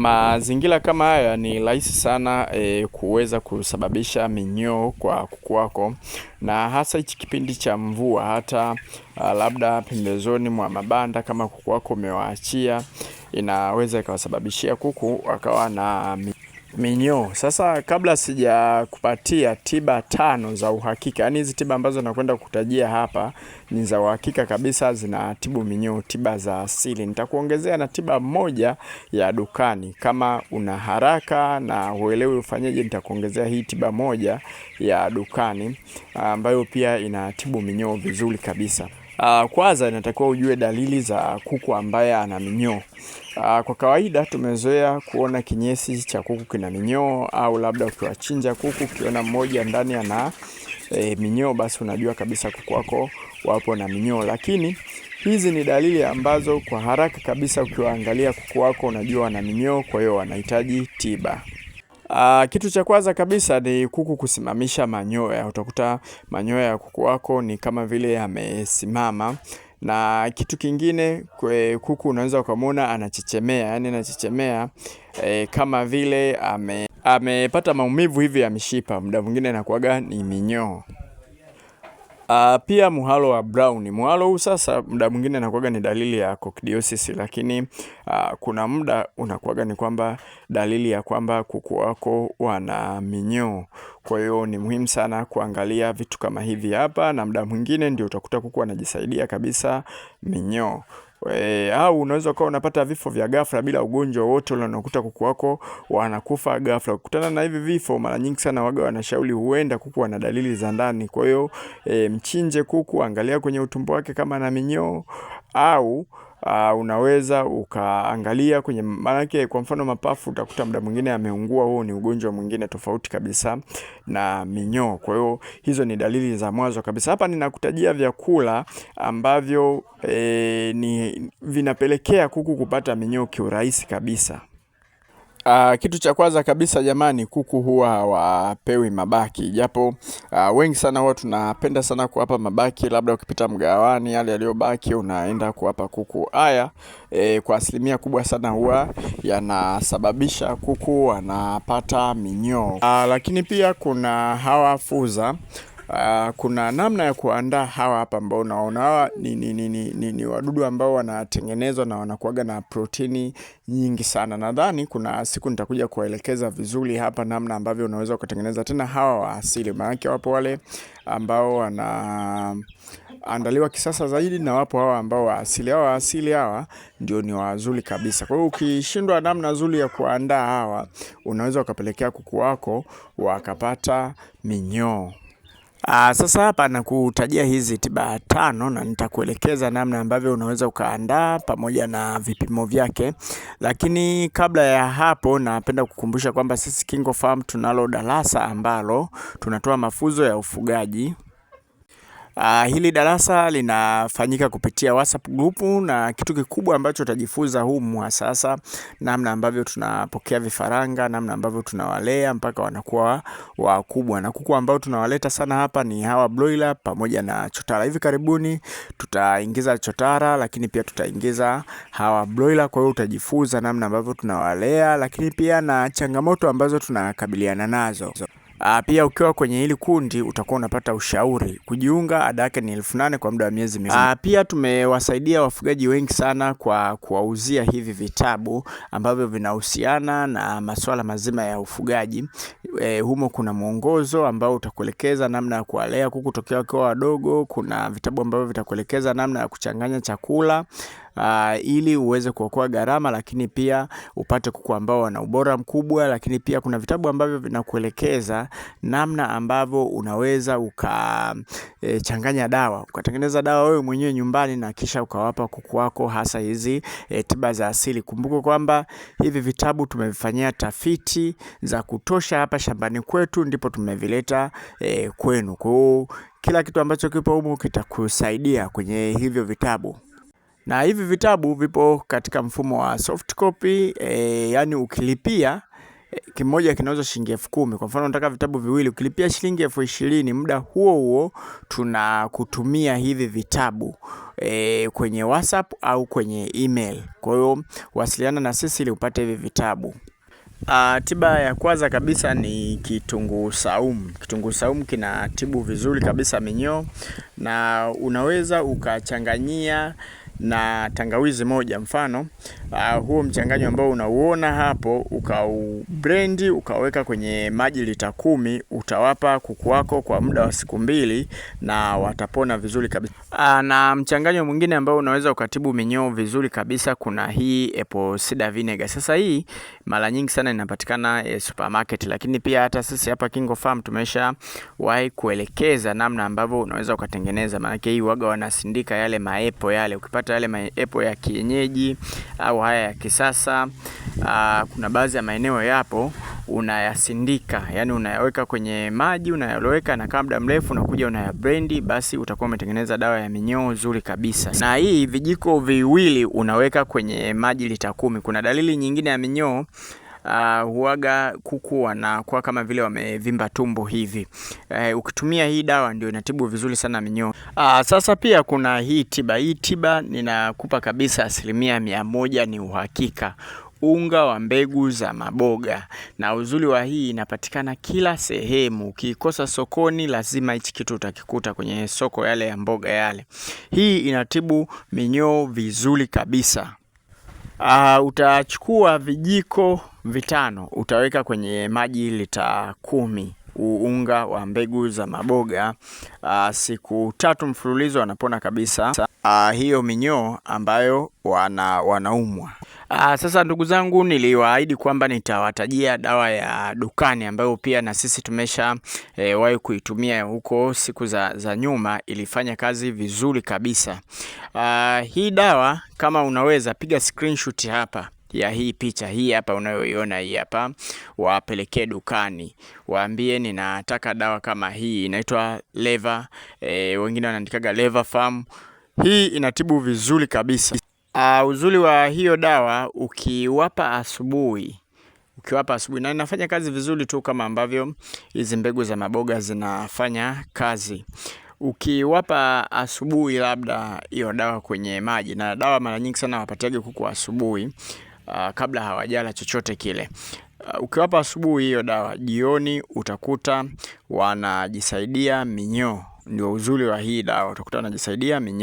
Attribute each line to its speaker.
Speaker 1: Mazingira kama haya ni rahisi sana e, kuweza kusababisha minyoo kwa kuku wako, na hasa hichi kipindi cha mvua. Hata a, ah, labda pembezoni mwa mabanda kama kuku wako umewaachia, inaweza ikawasababishia kuku wakawa na minyoo. Sasa kabla sija kupatia tiba tano za uhakika, yaani hizi tiba ambazo nakwenda kutajia hapa ni za uhakika kabisa, zinatibu minyoo, tiba za asili. Nitakuongezea na tiba moja ya dukani. Kama una haraka na huelewi ufanyeje, nitakuongezea hii tiba moja ya dukani ambayo pia inatibu minyoo vizuri kabisa. Uh, kwanza inatakiwa ujue dalili za kuku ambaye ana minyoo. Uh, kwa kawaida tumezoea kuona kinyesi cha kuku kina minyoo au labda ukiwachinja kuku ukiona mmoja ndani ana e, minyoo, basi unajua kabisa kuku wako wapo na minyoo, lakini hizi ni dalili ambazo kwa haraka kabisa ukiwaangalia kuku wako unajua wana minyoo, kwa hiyo wanahitaji tiba. Uh, kitu cha kwanza kabisa ni kuku kusimamisha manyoya. Utakuta manyoya ya kuku wako ni kama vile yamesimama na kitu kingine kwe kuku unaweza ukamwona anachechemea, yani anachechemea e, eh, kama vile amepata ame maumivu hivi ya mishipa, muda mwingine anakuwaga ni minyoo. Uh, pia muhalo wa Brown. mhalo huu sasa muda mwingine anakuwaga ni dalili ya coccidiosis, lakini uh, kuna muda unakuwaga ni kwamba dalili ya kwamba kuku wako wana minyoo. Kwa hiyo ni muhimu sana kuangalia vitu kama hivi hapa, na muda mwingine ndio utakuta kuku anajisaidia kabisa minyoo. We, eh, au unaweza ukawa unapata vifo vya ghafla bila ugonjwa wote ule, unakuta kuku wako wanakufa ghafla. Kukutana na hivi vifo, mara nyingi sana waga wanashauri huenda kuku wana dalili za ndani. Kwa hiyo e, mchinje kuku, angalia kwenye utumbo wake kama na minyoo au uh, unaweza ukaangalia kwenye maanake, kwa mfano mapafu utakuta muda mwingine ameungua, huo ni ugonjwa mwingine tofauti kabisa na minyoo. Kwa hiyo hizo ni dalili za mwanzo kabisa. Hapa ninakutajia vyakula ambavyo e, ni vinapelekea kuku kupata minyoo kiurahisi kabisa. Uh, kitu cha kwanza kabisa jamani, kuku huwa hawapewi mabaki, japo uh, wengi sana huwa tunapenda sana kuwapa mabaki, labda ukipita mgawani yale yaliyobaki unaenda kuwapa kuku. Haya e, kwa asilimia kubwa sana huwa yanasababisha kuku wanapata minyoo. Uh, lakini pia kuna hawa fuza Uh, kuna namna ya kuandaa hawa hapa ambao unaona hawa ni, ni, ni, ni, ni, ni wadudu ambao wanatengenezwa na wanakuaga na protini nyingi sana. Nadhani kuna siku nitakuja kuwaelekeza vizuri hapa namna ambavyo unaweza ukatengeneza tena hawa wa asili, maanake wapo wale ambao wana andaliwa kisasa zaidi na wapo hawa ambao asili. Hawa asili hawa ndio ni wazuri kabisa. Kwa hiyo ukishindwa namna nzuri ya kuandaa hawa, unaweza ukapelekea kuku wako wakapata minyoo. Aa, ah, sasa hapa nakutajia hizi tiba tano na nitakuelekeza namna ambavyo unaweza ukaandaa pamoja na vipimo vyake, lakini kabla ya hapo, napenda kukumbusha kwamba sisi KingoFarm tunalo darasa ambalo tunatoa mafunzo ya ufugaji Ah, hili darasa linafanyika kupitia WhatsApp group na kitu kikubwa ambacho utajifunza humu sasa, namna ambavyo tunapokea vifaranga, namna ambavyo tunawalea mpaka wanakuwa wakubwa. Na kuku ambao tunawaleta sana hapa ni hawa broiler pamoja na chotara. Hivi karibuni tutaingiza chotara, lakini pia tutaingiza hawa broiler. Kwa hiyo utajifunza namna ambavyo tunawalea, lakini pia na changamoto ambazo tunakabiliana nazo. Aa, ah, pia ukiwa kwenye hili kundi utakuwa unapata ushauri. Kujiunga ada yake ni elfu nane kwa muda wa miezi miwili. Ah, pia tumewasaidia wafugaji wengi sana kwa kuwauzia hivi vitabu ambavyo vinahusiana na masuala mazima ya ufugaji. E, humo kuna mwongozo ambao utakuelekeza namna ya kuwalea kuku tokea wakiwa wadogo. Kuna vitabu ambavyo vitakuelekeza namna ya kuchanganya chakula uh, ili uweze kuokoa gharama, lakini pia upate kuku ambao wana ubora mkubwa. Lakini pia kuna vitabu ambavyo vinakuelekeza namna ambavyo unaweza ukachanganya eh, e, dawa ukatengeneza dawa wewe mwenyewe nyumbani na kisha ukawapa kuku wako, hasa hizi e, tiba za asili. Kumbuka kwamba hivi vitabu tumevifanyia tafiti za kutosha hapa shambani kwetu, ndipo tumevileta e, kwenu. Kwa kila kitu ambacho kipo humu kitakusaidia kwenye hivyo vitabu na hivi vitabu vipo katika mfumo wa soft copy e, yani ukilipia e, kimoja kinauza shilingi elfu kumi. Kwa mfano unataka vitabu viwili, ukilipia shilingi elfu ishirini muda huo huo tunakutumia hivi vitabu e, kwenye WhatsApp au kwenye email. Kwa hiyo wasiliana na sisi ili upate hivi vitabu. Uh, tiba ya kwanza kabisa ni kitunguu saumu. Kitunguu saumu kinatibu vizuri kabisa minyoo na unaweza ukachanganyia na tangawizi moja mfano uh, huo mchanganyo ambao unauona hapo ukaubrendi ukaweka kwenye maji lita kumi, utawapa kuku wako kwa muda wa siku mbili na watapona vizuri kabisa. Uh, na mchanganyo mwingine ambao unaweza ukatibu minyoo vizuri kabisa, kuna hii apple cider vinegar. Sasa hii mara nyingi sana inapatikana eh, supermarket, lakini pia hata sisi hapa Kingo Farm tumesha wahi kuelekeza namna ambavyo unaweza ukatengeneza, maanake hii waga wanasindika yale maepo yale, ukipata yale maepo ya kienyeji au haya ya kisasa uh, kuna baadhi ya maeneo yapo unayasindika, yani unayaweka kwenye maji, unayaloweka na kaa muda mrefu, unakuja unayabrendi, basi utakuwa umetengeneza dawa ya minyoo nzuri kabisa. Na hii vijiko viwili unaweka kwenye maji lita kumi. Kuna dalili nyingine ya minyoo uh, ah, huaga kuku wanakuwa kama vile wamevimba tumbo hivi. Uh, ukitumia hii dawa ndio inatibu vizuri sana minyoo. Uh, sasa pia kuna hii tiba. Hii tiba ninakupa kabisa asilimia mia moja ni uhakika unga wa mbegu za maboga. Na uzuri wa hii inapatikana kila sehemu, ukiikosa sokoni lazima hichi kitu utakikuta kwenye soko yale ya mboga yale. Hii inatibu minyoo vizuri kabisa. Uh, utachukua vijiko vitano utaweka kwenye maji lita kumi unga wa mbegu za maboga uh, siku tatu mfululizo wanapona kabisa. Uh, hiyo minyoo ambayo wana, wanaumwa Aa, ah, sasa ndugu zangu niliwaahidi kwamba nitawatajia dawa ya dukani ambayo pia na sisi tumesha e, wahi kuitumia huko siku za, za nyuma ilifanya kazi vizuri kabisa. Aa, ah, hii dawa kama unaweza piga screenshot hapa ya hii picha hii hapa unayoiona hii hapa, wapelekee dukani, waambie ninataka dawa kama hii inaitwa Leva e, eh, wengine wanaandikaga Leva Farm. Hii inatibu vizuri kabisa. Uh, uzuri wa hiyo dawa ukiwapa asubuhi ukiwapa asubuhi na inafanya kazi vizuri tu kama ambavyo hizi mbegu za maboga zinafanya kazi. Ukiwapa asubuhi labda hiyo dawa kwenye maji, na dawa mara nyingi sana wapatiage kuku asubuhi uh, kabla hawajala chochote kile. Uh, ukiwapa asubuhi hiyo dawa, jioni utakuta wanajisaidia minyoo. Ndio uzuri wa hii dawa, utakuta wanajisaidia minyoo.